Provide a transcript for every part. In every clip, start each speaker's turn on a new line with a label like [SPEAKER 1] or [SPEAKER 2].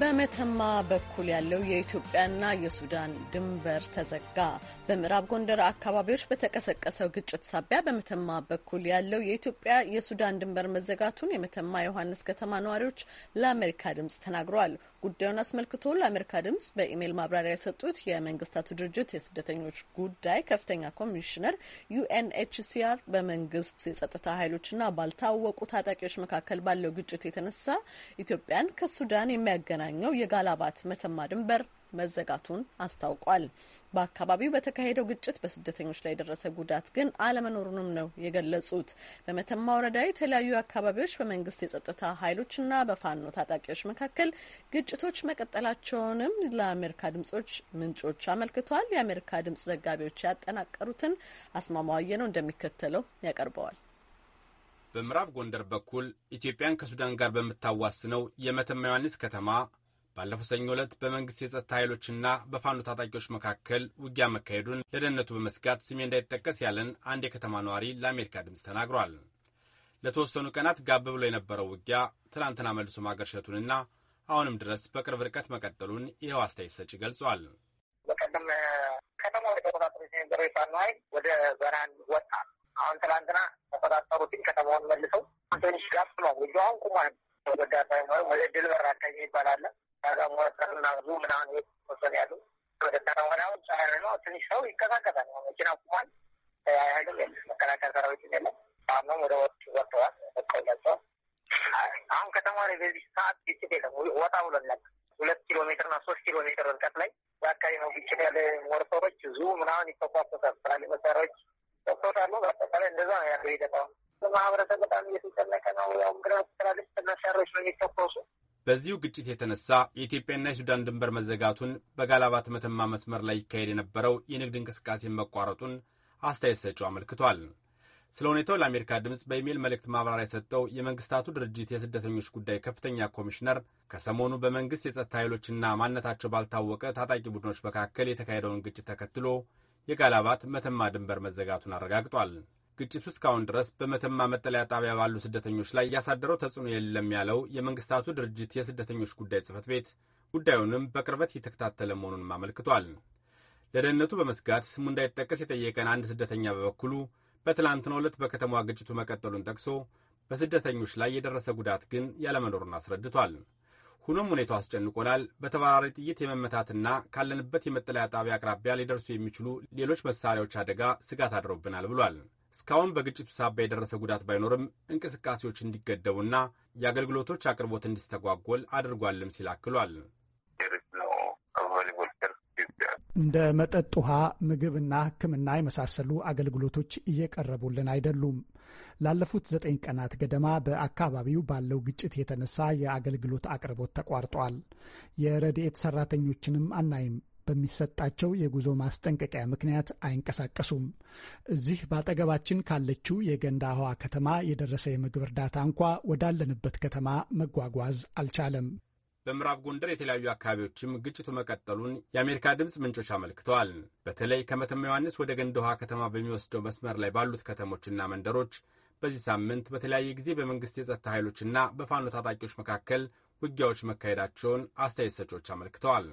[SPEAKER 1] በመተማ በኩል ያለው የኢትዮጵያና የሱዳን ድንበር ተዘጋ። በምዕራብ ጎንደር አካባቢዎች በተቀሰቀሰው ግጭት ሳቢያ በመተማ በኩል ያለው የኢትዮጵያ የሱዳን ድንበር መዘጋቱን የመተማ ዮሐንስ ከተማ ነዋሪዎች ለአሜሪካ ድምጽ ተናግረዋል። ጉዳዩን አስመልክቶ ለአሜሪካ ድምጽ በኢሜይል ማብራሪያ የሰጡት የመንግስታቱ ድርጅት የስደተኞች ጉዳይ ከፍተኛ ኮሚሽነር ዩኤንኤችሲአር በመንግስት የጸጥታ ኃይሎችና ባልታወቁ ታጣቂዎች መካከል ባለው ግጭት የተነሳ ኢትዮጵያን ከሱዳን የሚያገናኝ የሚገናኘው የጋላባት መተማ ድንበር መዘጋቱን አስታውቋል። በአካባቢው በተካሄደው ግጭት በስደተኞች ላይ የደረሰ ጉዳት ግን አለመኖሩንም ነው የገለጹት። በመተማ ወረዳ የተለያዩ አካባቢዎች በመንግስት የጸጥታ ኃይሎችና በፋኖ ታጣቂዎች መካከል ግጭቶች መቀጠላቸውንም ለአሜሪካ ድምጾች ምንጮች አመልክተዋል። የአሜሪካ ድምጽ ዘጋቢዎች ያጠናቀሩትን አስማማዋየ ነው እንደሚከተለው ያቀርበዋል።
[SPEAKER 2] በምዕራብ ጎንደር በኩል ኢትዮጵያን ከሱዳን ጋር በምታዋስነው የመተማ ዮሐንስ ከተማ ባለፈው ሰኞ ዕለት በመንግስት የጸጥታ ኃይሎችና በፋኖ ታጣቂዎች መካከል ውጊያ መካሄዱን ለደህንነቱ በመስጋት ስሜ እንዳይጠቀስ ያለን አንድ የከተማ ነዋሪ ለአሜሪካ ድምፅ ተናግሯል። ለተወሰኑ ቀናት ጋብ ብሎ የነበረው ውጊያ ትናንትና መልሶ ማገርሸቱንና አሁንም ድረስ በቅርብ ርቀት መቀጠሉን ይኸው አስተያየት ሰጪ ገልጿል። በቀደም
[SPEAKER 3] ከተማ ወደ ተቆጣጠሩ የነበረው የፋኖ ኃይል ወደ በራን ወጣ። አሁን ትናንትና ተቆጣጠሩትን ከተማውን መልሰው ትንሽ ጋብ ነው። አሁን ቁሟል። ወደ ወደ ድል በራ ይባላለን ሞተርና ብዙ ምናምን ወሰን ያሉ ወደ ተራወናው ነው። ትንሽ ሰው ይቀዛቀዛል። መኪና ቁሟል። አይሀይልም የለ መከላከያ ሰራዊት የለ። አሁንም ወደ ወጡ ወጥተዋል። ቆለጠው አሁን ከተማ ላይ በዚህ ሰዓት ግጭት የለም። ወጣ ብሎናል። ሁለት ኪሎ ሜትር እና ሶስት ኪሎ ሜትር ርቀት ላይ በአካባቢ ነው ግጭት ያለ። ሞርተሮች ብዙ ምናምን ይተኳሰሳል። ትላልቅ መሳሪያዎች ተሰውታሉ። በአጠቃላይ እንደዛ ነው ያለው ሂደት። አሁን ማህበረሰብ በጣም እየተጨነቀ ነው። ያው ምክንያቱ ትላልቅ መሳሪያዎች ነው የሚተኮሱ
[SPEAKER 2] በዚሁ ግጭት የተነሳ የኢትዮጵያና የሱዳን ድንበር መዘጋቱን፣ በጋላባት መተማ መስመር ላይ ይካሄድ የነበረው የንግድ እንቅስቃሴ መቋረጡን አስተያየት ሰጪው አመልክቷል። ስለ ሁኔታው ለአሜሪካ ድምፅ በኢሜይል መልእክት ማብራሪያ የሰጠው የመንግስታቱ ድርጅት የስደተኞች ጉዳይ ከፍተኛ ኮሚሽነር ከሰሞኑ በመንግስት የጸጥታ ኃይሎችና ማንነታቸው ባልታወቀ ታጣቂ ቡድኖች መካከል የተካሄደውን ግጭት ተከትሎ የጋላባት መተማ ድንበር መዘጋቱን አረጋግጧል። ግጭቱ እስካሁን ድረስ በመተማ መጠለያ ጣቢያ ባሉ ስደተኞች ላይ ያሳደረው ተጽዕኖ የለም ያለው የመንግስታቱ ድርጅት የስደተኞች ጉዳይ ጽህፈት ቤት ጉዳዩንም በቅርበት እየተከታተለ መሆኑንም አመልክቷል። ለደህንነቱ በመስጋት ስሙ እንዳይጠቀስ የጠየቀን አንድ ስደተኛ በበኩሉ በትላንትናው ዕለት በከተማዋ ግጭቱ መቀጠሉን ጠቅሶ በስደተኞች ላይ የደረሰ ጉዳት ግን ያለመኖሩን አስረድቷል። ሁኖም ሁኔታው አስጨንቆናል። በተባራሪ ጥይት የመመታትና ካለንበት የመጠለያ ጣቢያ አቅራቢያ ሊደርሱ የሚችሉ ሌሎች መሳሪያዎች አደጋ ስጋት አድሮብናል ብሏል። እስካሁን በግጭቱ ሳቢያ የደረሰ ጉዳት ባይኖርም እንቅስቃሴዎች እንዲገደቡና የአገልግሎቶች አቅርቦት እንዲስተጓጎል አድርጓልም ሲል አክሏል።
[SPEAKER 3] እንደ መጠጥ ውሃ፣
[SPEAKER 2] ምግብና ሕክምና የመሳሰሉ አገልግሎቶች እየቀረቡልን አይደሉም። ላለፉት ዘጠኝ ቀናት ገደማ በአካባቢው ባለው ግጭት የተነሳ የአገልግሎት አቅርቦት ተቋርጧል። የረድኤት ሰራተኞችንም አናይም። በሚሰጣቸው የጉዞ ማስጠንቀቂያ ምክንያት አይንቀሳቀሱም። እዚህ በአጠገባችን ካለችው የገንዳ ውሃ ከተማ የደረሰ የምግብ እርዳታ እንኳ ወዳለንበት ከተማ መጓጓዝ አልቻለም። በምዕራብ ጎንደር የተለያዩ አካባቢዎችም ግጭቱ መቀጠሉን የአሜሪካ ድምፅ ምንጮች አመልክተዋል። በተለይ ከመተማ ዮሐንስ ወደ ገንዳ ውሃ ከተማ በሚወስደው መስመር ላይ ባሉት ከተሞችና መንደሮች በዚህ ሳምንት በተለያየ ጊዜ በመንግስት የጸጥታ ኃይሎችና በፋኖ ታጣቂዎች መካከል ውጊያዎች መካሄዳቸውን አስተያየት ሰጪዎች አመልክተዋል።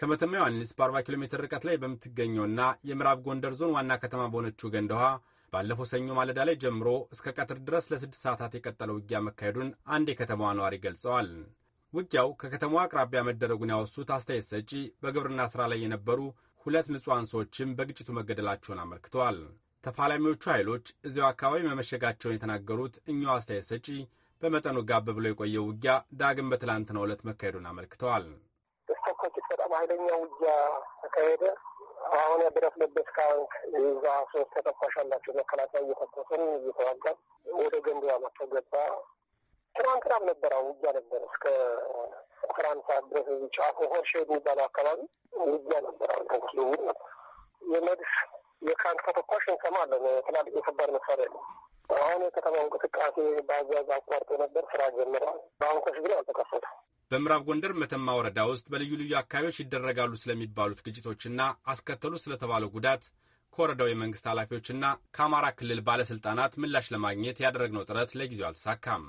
[SPEAKER 2] ከመተማ ዮሐንስ በ40 ኪሎ ሜትር ርቀት ላይ በምትገኘውና የምዕራብ ጎንደር ዞን ዋና ከተማ በሆነችው ገንደውሃ ባለፈው ሰኞ ማለዳ ላይ ጀምሮ እስከ ቀትር ድረስ ለስድስት ሰዓታት የቀጠለው ውጊያ መካሄዱን አንድ የከተማዋ ነዋሪ ገልጸዋል። ውጊያው ከከተማዋ አቅራቢያ መደረጉን ያወሱት አስተያየት ሰጪ በግብርና ስራ ላይ የነበሩ ሁለት ንጹሐን ሰዎችም በግጭቱ መገደላቸውን አመልክተዋል። ተፋላሚዎቹ ኃይሎች እዚያው አካባቢ መመሸጋቸውን የተናገሩት እኚሁ አስተያየት ሰጪ በመጠኑ ጋብ ብሎ የቆየው ውጊያ ዳግም በትላንትናው ዕለት መካሄዱን አመልክተዋል።
[SPEAKER 3] ኃይለኛ ውጊያ ተካሄደ። አሁን የብረት ካንክ የዛ ሶስት ተተኳሽ አላቸው መከላከያ እየተኮስን እየተዋጋን ወደ ገንዳ መጥቶ ገባ። ትናንት ቅዳም ነበረ ውጊያ ነበር እስከ አስራ አንድ ሰዓት ድረስ እዚህ ጫፉ ሆርሼ የሚባለው አካባቢ ውጊያ ነበረ። አሁን ተኩስ ልውውጥ ነበር። የመድፍ የካንክ ተተኳሽ እንሰማለን። ትላልቅ የከባድ መሳሪያ ነው። አሁን የከተማው እንቅስቃሴ በአዛዝ አቋርጦ ነበር፣ ስራ ጀምረዋል። ባንኮች ግን አልተከፈቱም።
[SPEAKER 2] በምዕራብ ጎንደር መተማ ወረዳ ውስጥ በልዩ ልዩ አካባቢዎች ይደረጋሉ ስለሚባሉት ግጭቶችና አስከተሉ ስለተባለው ጉዳት ከወረዳው የመንግስት ኃላፊዎችና ከአማራ ክልል ባለሥልጣናት ምላሽ ለማግኘት ያደረግነው ጥረት ለጊዜው አልተሳካም።